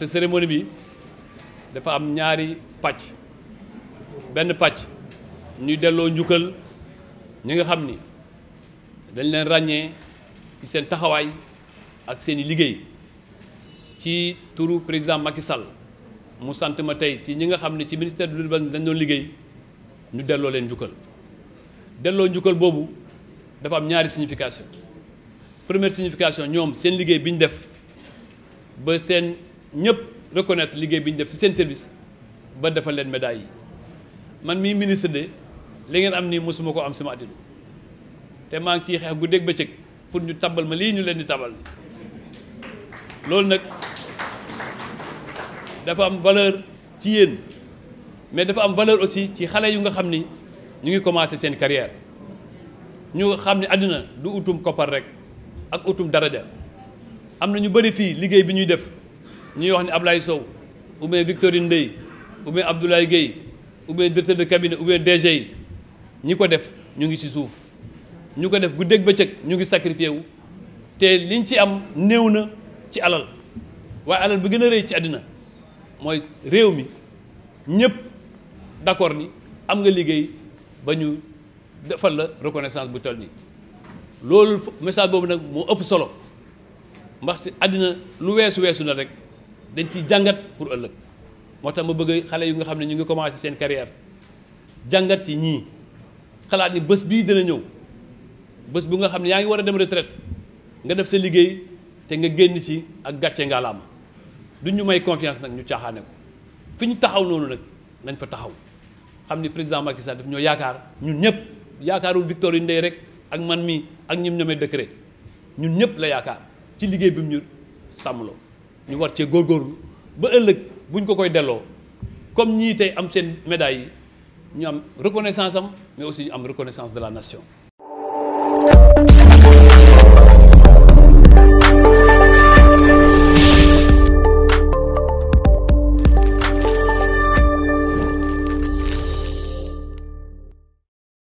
te cérémonie bi dafa am ñaari pàcc benn pàcc ñuy delloo njukkal ñi nga xam ni dañ leen ràññee ci seen taxawaay ak seen i liggéey ci turu président Macky Sall mu sant ma tey ci ñi nga xam ne ci ministère de l'urbanisme dañ doon liggéey ñu delloo leen njukkal delloo njukkal boobu dafa am ñaari signification première signification ñoom seen liggéey bi ñu def ba seen ñëpp reconnaître liggéey bi ñu def ci seen service ba defal leen médaille yi man mii ministre de li ngeen am nii mosuma ko am sama àddina te maa ngi ciy xeex guddeeg bëccëg pour ñu tabal ma lii ñu leen di tabal loolu nag dafa am valeur ci yéen mais dafa am valeur aussi ci xale yu nga xam ni ñu ngi commencé seen carrière ñu xam ne àddina du utum koppar rek ak utum daraja am na ñu bëri fii liggéey bi ñuy def. ñuy wax ni ablaay Sow ou bien Victorine Ndeye ou bien Abdoulaye Gueye ou de cabinet ou bien DG yi ñi ko def ñu ngi ci suuf ñu ko def guddeeg bëccëg ñu ngi sacrifié wu te liñ ci am néew na ci alal waaye alal bi gën a rëy ci àddina mooy réew mi ñëpp d'accord ni am nga liggéey ba ñu defal la reconnaissance bu toll nii loolu message boobu nag moo ëpp solo mbaxte àddina lu weesu weesu na rek dañ ciy jàngat pour ëllëg moo tax ma bëgg xale yu nga xam ne ñu ngi commencé seen carrière jàngat yi ñii xalaat ni bés bii dina ñëw bés bu nga xam ne yaa ngi war a dem retraite nga def sa liggéey te nga génn ci ak gàcce nga du ñu may confiance nag ñu caaxaane ko fi ñu taxaw noonu nag nañ fa taxaw xam ni président Macky Sall daf ñoo yaakaar ñun ñëpp yaakaarul Victor yi ndey rek ak man mii ak ñim ñoomee décret ñun ñëpp la yaakaar ci liggéey bi ñu sàmmloo ñu war cee góor góorgóorlu ba ëllëg buñ ko koy delloo comme ñii tey am seen médaille yi ñu am reconnaissance am mais aussi ñu am reconnaissance de la nation.